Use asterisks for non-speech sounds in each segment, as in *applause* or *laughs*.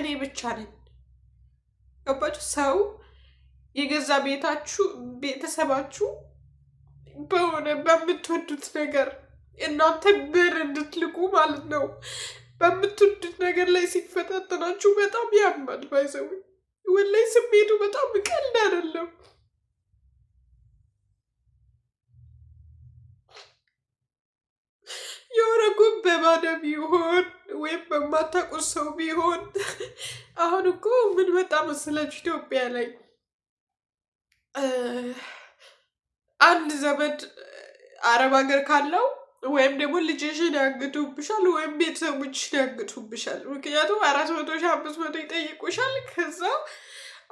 እኔ ብቻ ነኝ። ገባችሁ? ሰው የገዛ ቤታችሁ ቤተሰባችሁ በሆነ በምትወዱት ነገር እናንተ ብር እንድትልቁ ማለት ነው። በምትወዱት ነገር ላይ ሲፈታተናችሁ በጣም ያማል። ባይዘው ወላይ ስሜቱ በጣም ቀልድ አይደለም። ጉን በማነ ቢሆን ወይም በማታውቁት ሰው ቢሆን *laughs* አሁን እኮ ምን መጣ መሰላችሁ? ኢትዮጵያ ላይ አንድ ዘመድ አረብ ሀገር ካለው ወይም ደግሞ ልጅሽን ያግቱብሻል ወይም ቤተሰቦችሽን ያግቱብሻል። ምክንያቱም አራት መቶ ሺህ አምስት መቶ ይጠይቁሻል። ከዛ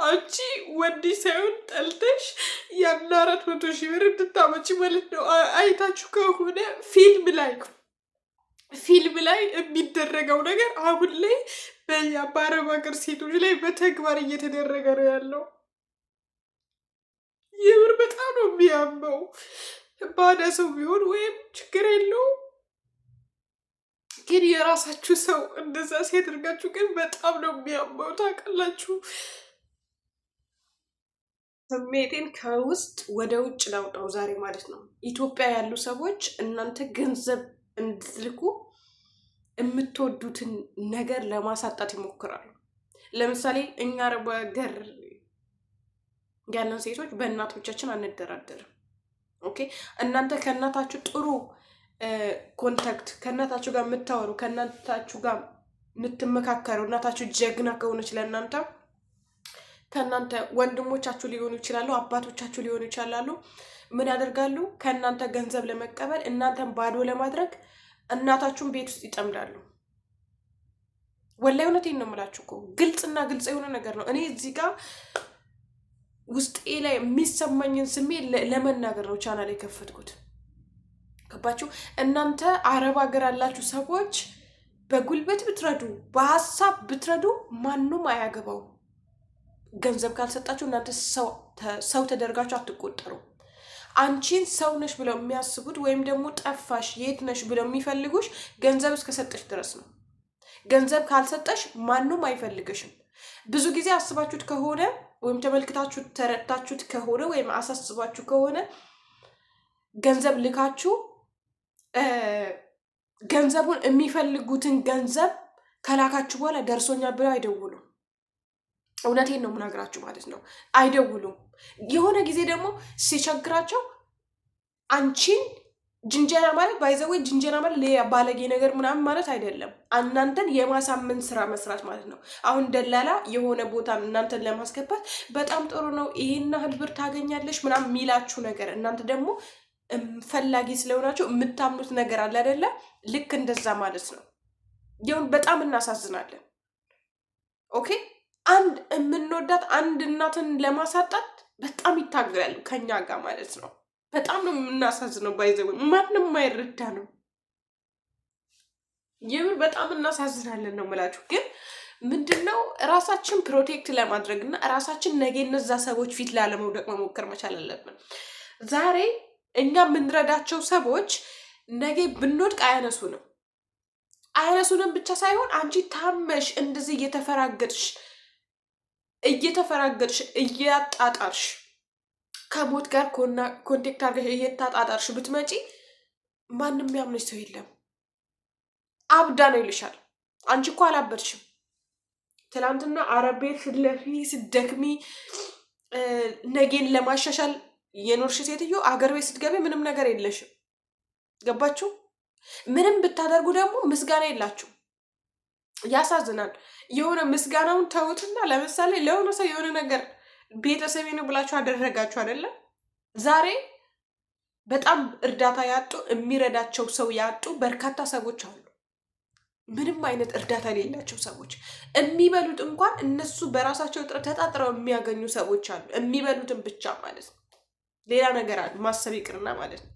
አንቺ ወንድ ሳይሆን ጠልተሽ ያን አራት መቶ ሺህ ብር እንድታመጪ ማለት ነው። አይታችሁ ከሆነ ፊልም ላይ ፊልም ላይ የሚደረገው ነገር አሁን ላይ በአረብ ሀገር ሴቶች ላይ በተግባር እየተደረገ ነው ያለው። የምር በጣም ነው የሚያመው። ባዳ ሰው ቢሆን ወይም ችግር የለው ግን የራሳችሁ ሰው እንደዛ ሲያደርጋችሁ ግን በጣም ነው የሚያመው። ታውቃላችሁ፣ ስሜቴን ከውስጥ ወደ ውጭ ላውጣው ዛሬ ማለት ነው። ኢትዮጵያ ያሉ ሰዎች እናንተ ገንዘብ እንድትልኩ የምትወዱትን ነገር ለማሳጣት ይሞክራሉ። ለምሳሌ እኛ አረብ ሀገር ያለን ሴቶች በእናቶቻችን አንደራደርም። ኦኬ እናንተ ከእናታችሁ ጥሩ ኮንታክት ከእናታችሁ ጋር የምታወሩ ከእናታችሁ ጋር የምትመካከሩ እናታችሁ ጀግና ከሆነች ለእናንተ ከእናንተ ወንድሞቻችሁ ሊሆኑ ይችላሉ፣ አባቶቻችሁ ሊሆኑ ይችላሉ ምን ያደርጋሉ? ከእናንተ ገንዘብ ለመቀበል እናንተን ባዶ ለማድረግ እናታችሁን ቤት ውስጥ ይጠምዳሉ። ወላ እውነቴን ነው የምላችሁ እኮ ግልጽና ግልጽ የሆነ ነገር ነው። እኔ እዚህ ጋር ውስጤ ላይ የሚሰማኝን ስሜት ለመናገር ነው ቻናል የከፈትኩት። ገባችሁ? እናንተ አረብ ሀገር ያላችሁ ሰዎች በጉልበት ብትረዱ፣ በሀሳብ ብትረዱ ማንም አያገባው ገንዘብ ካልሰጣችሁ እናንተ ሰው ተደርጋችሁ አትቆጠሩ። አንቺን ሰው ነሽ ብለው የሚያስቡት ወይም ደግሞ ጠፋሽ፣ የት ነሽ ብለው የሚፈልጉሽ ገንዘብ እስከሰጠሽ ድረስ ነው። ገንዘብ ካልሰጠሽ ማንም አይፈልግሽም። ብዙ ጊዜ አስባችሁት ከሆነ ወይም ተመልክታችሁ ተረድታችሁት ከሆነ ወይም አሳስባችሁ ከሆነ ገንዘብ ልካችሁ ገንዘቡን የሚፈልጉትን ገንዘብ ከላካችሁ በኋላ ደርሶኛል ብለው አይደውሉም። እውነቴን ነው የምናግራችሁ ማለት ነው። አይደውሉም። የሆነ ጊዜ ደግሞ ሲቸግራቸው አንቺን ጅንጀና ማለት ባይዘዌ ጅንጀና ማለት ባለጌ ነገር ምናምን ማለት አይደለም። እናንተን የማሳመን ስራ መስራት ማለት ነው። አሁን ደላላ የሆነ ቦታ እናንተን ለማስገባት በጣም ጥሩ ነው፣ ይሄን ያህል ብር ታገኛለሽ ምናምን የሚላችሁ ነገር እናንተ ደግሞ ፈላጊ ስለሆናቸው የምታምኑት ነገር አለ አይደለ? ልክ እንደዛ ማለት ነው። ይሁን በጣም እናሳዝናለን። ኦኬ አንድ የምንወዳት አንድ እናትን ለማሳጣት በጣም ይታገላሉ ከኛ ጋር ማለት ነው። በጣም ነው የምናሳዝነው። ባይዘ ማንም ማይረዳ ነው። የምር በጣም እናሳዝናለን ነው የምላችሁ። ግን ምንድነው ራሳችን ፕሮቴክት ለማድረግ እና ራሳችን ነገ እነዛ ሰዎች ፊት ላለመውደቅ መሞከር መቻል አለብን። ዛሬ እኛ የምንረዳቸው ሰዎች ነገ ብንወድቅ አያነሱንም። አያነሱንም ብቻ ሳይሆን አንቺ ታመሽ እንደዚህ እየተፈራገጥሽ እየተፈራገጥሽ እያጣጣርሽ ከሞት ጋር ኮንቴክት አድርገሽ እየታጣጣርሽ ብትመጪ ማንም ያምነሽ ሰው የለም። አብዳ ነው ይልሻል። አንቺ እኮ አላበድሽም። ትላንትና አረቤት ስትለፊ ስትደክሚ ነጌን ለማሻሻል የኖርሽ ሴትዮ አገር ቤት ስትገቢ ምንም ነገር የለሽም። ገባችሁ? ምንም ብታደርጉ ደግሞ ምስጋና የላችሁ። ያሳዝናል። የሆነ ምስጋናውን ተውትና፣ ለምሳሌ ለሆነ ሰው የሆነ ነገር ቤተሰቤ ነው ብላችሁ አደረጋችሁ አይደለም? ዛሬ በጣም እርዳታ ያጡ የሚረዳቸው ሰው ያጡ በርካታ ሰዎች አሉ። ምንም አይነት እርዳታ የሌላቸው ሰዎች የሚበሉት እንኳን እነሱ በራሳቸው ጥረት ተጣጥረው የሚያገኙ ሰዎች አሉ። የሚበሉትን ብቻ ማለት ነው። ሌላ ነገር አሉ ማሰብ ይቅርና ማለት ነው።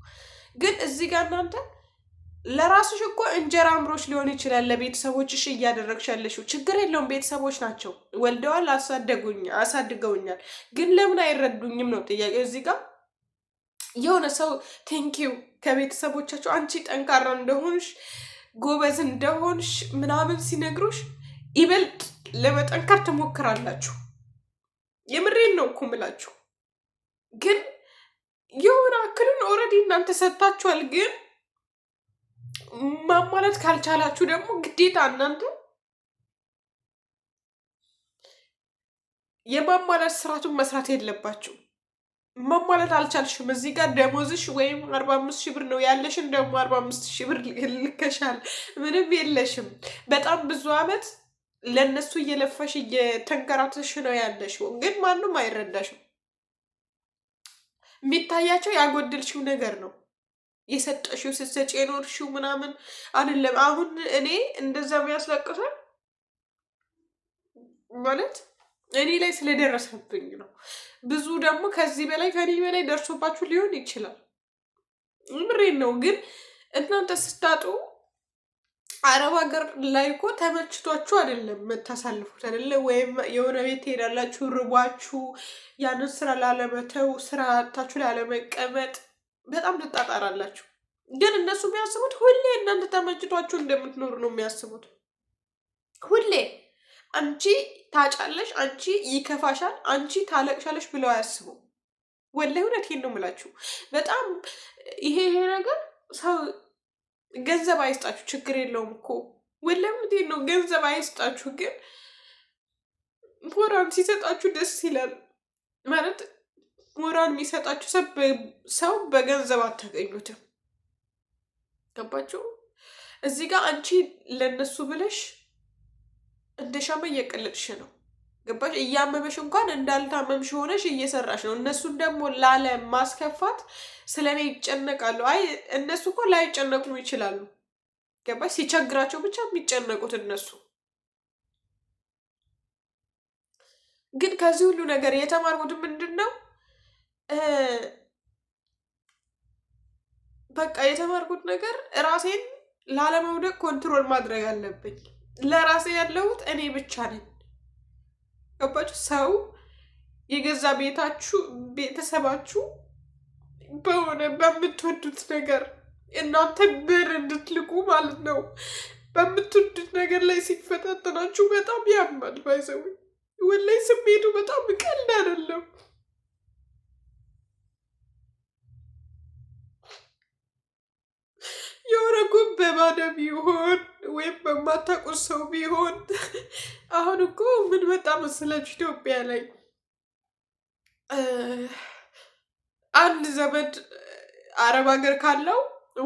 ግን እዚህ ጋር እናንተ ለራስሽ እኮ እንጀራ አምሮች ሊሆን ይችላል። ለቤተሰቦችሽ እያደረግሽ ያለሽው ችግር የለውም። ቤተሰቦች ናቸው ወልደዋል፣ አሳደጉኝ አሳድገውኛል። ግን ለምን አይረዱኝም ነው ጥያቄ እዚህ ጋር የሆነ ሰው ቴንኪው ከቤተሰቦቻቸው አንቺ ጠንካራ እንደሆንሽ ጎበዝ እንደሆንሽ ምናምን ሲነግሩሽ ይበልጥ ለመጠንከር ትሞክራላችሁ። የምሬን ነው እኮ ምላችሁ። ግን የሆነ አክልን ኦልሬዲ እናንተ ሰጥታችኋል ግን ማሟላት ካልቻላችሁ ደግሞ ግዴታ እናንተ የማሟላት ስራቱን መስራት የለባችሁ። ማሟላት አልቻልሽም፣ እዚህ ጋር ደሞዝሽ ወይም አርባ አምስት ሺህ ብር ነው ያለሽን፣ ደግሞ አርባ አምስት ሺህ ብር ልከሻል፣ ምንም የለሽም። በጣም ብዙ አመት ለእነሱ እየለፋሽ እየተንከራተሽ ነው ያለሽው፣ ግን ማንም አይረዳሽም። የሚታያቸው ያጎደልሽው ነገር ነው። የሰጠሽው ስትሰጪ የኖርሽው ምናምን አይደለም። አሁን እኔ እንደዛ የሚያስለቅሰን ማለት እኔ ላይ ስለደረሰብኝ ነው። ብዙ ደግሞ ከዚህ በላይ ከኔ በላይ ደርሶባችሁ ሊሆን ይችላል። ምሬን ነው ግን እናንተ ስታጡ አረብ ሀገር ላይ እኮ ተመችቷችሁ አይደለም የምታሳልፉት፣ አይደለ ወይም የሆነ ቤት ትሄዳላችሁ ርቧችሁ፣ ያንን ስራ ላለመተው ስራ አታችሁ ላለመቀመጥ በጣም ትጣጣራላችሁ። ግን እነሱ የሚያስቡት ሁሌ እናንተ ተመችቷችሁ እንደምትኖሩ ነው የሚያስቡት። ሁሌ አንቺ ታጫለሽ፣ አንቺ ይከፋሻል፣ አንቺ ታለቅሻለሽ ብለው አያስቡ። ወላሂ እውነቴን ነው የምላችሁ። በጣም ይሄ ይሄ ነገር ሰው ገንዘብ አይስጣችሁ ችግር የለውም እኮ ወላሂ እውነቴን ነው። ገንዘብ አይስጣችሁ፣ ግን ሞራን ሲሰጣችሁ ደስ ይላል ማለት ሞራል የሚሰጣችሁ ሰው በገንዘብ አታገኙትም። ገባችሁ? እዚህ ጋር አንቺ ለነሱ ብለሽ እንደ እየቀለጥሽ ነው። ገባሽ? እያመመሽ እንኳን እንዳልታመምሽ ሆነሽ እየሰራሽ ነው። እነሱን ደግሞ ላለ ማስከፋት ስለ እኔ ይጨነቃሉ። አይ እነሱ እኮ ላይጨነቁም ይችላሉ። ገባሽ? ሲቸግራቸው ብቻ የሚጨነቁት እነሱ ግን ከዚህ ሁሉ ነገር የተማርኩት ምንድን ነው? በቃ የተማርኩት ነገር ራሴን ላለመውደቅ ኮንትሮል ማድረግ አለብኝ። ለራሴ ያለሁት እኔ ብቻ ነኝ። ገባችሁ? ሰው የገዛ ቤታችሁ ቤተሰባችሁ በሆነ በምትወዱት ነገር እናንተ ብር እንድትልቁ ማለት ነው። በምትወዱት ነገር ላይ ሲፈታተናችሁ በጣም ያማል። ባይዘዊ ወላይ ስሜቱ በጣም ቀልድ አይደለም። በአደ ቢሆን ወይም በማታውቁት ሰው ቢሆን *laughs* አሁን እኮ ምን በጣም መሰላችሁ ኢትዮጵያ ላይ አንድ ዘመድ አረብ ሀገር ካለው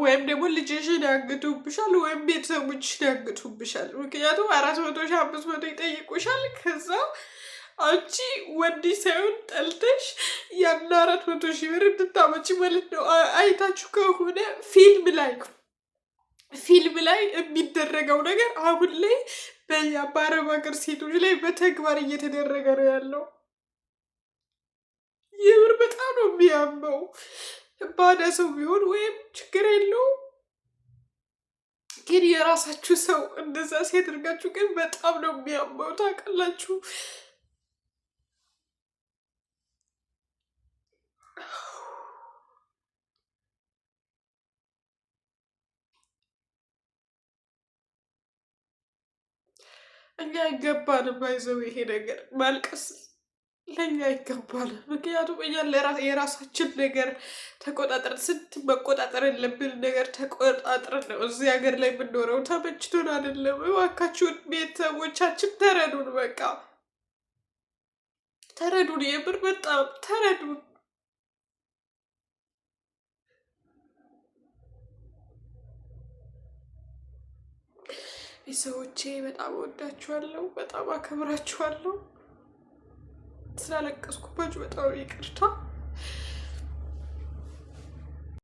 ወይም ደግሞ ልጅሽን ያግቱብሻል ወይም ቤተሰቦችሽን ያግቱብሻል። ምክንያቱም አራት መቶ ሺህ አምስት መቶ ይጠይቁሻል። ከዛ አንቺ ወንድ ሳይሆን ጠልተሽ ያን አራት መቶ ሺህ ብር እንድታመጪ ማለት ነው። አይታችሁ ከሆነ ፊልም ላይ ፊልም ላይ የሚደረገው ነገር አሁን ላይ በአረብ ሀገር ሴቶች ላይ በተግባር እየተደረገ ነው ያለው። የምር በጣም ነው የሚያመው። ባዳ ሰው ቢሆን ወይም ችግር የለው ግን የራሳችሁ ሰው እንደዛ ሲያደርጋችሁ ግን በጣም ነው የሚያመው ታውቃላችሁ። እኛ አይገባንም። ባይዘው ይሄ ነገር ማልቀስ ለእኛ ይገባል። ምክንያቱም እኛ የራሳችን ነገር ተቆጣጠር ስንት መቆጣጠር የለብን ነገር ተቆጣጥር ነው እዚህ ሀገር ላይ የምንኖረው። ተመችቶን አይደለም። እባካችሁን ቤተሰቦቻችን ተረዱን፣ በቃ ተረዱን፣ የምር በጣም ተረዱን። ቤተሰቦቼ በጣም ወዳችኋለሁ፣ በጣም አከብራችኋለሁ። ስላለቀስኩባችሁ በጣም ይቅርታ።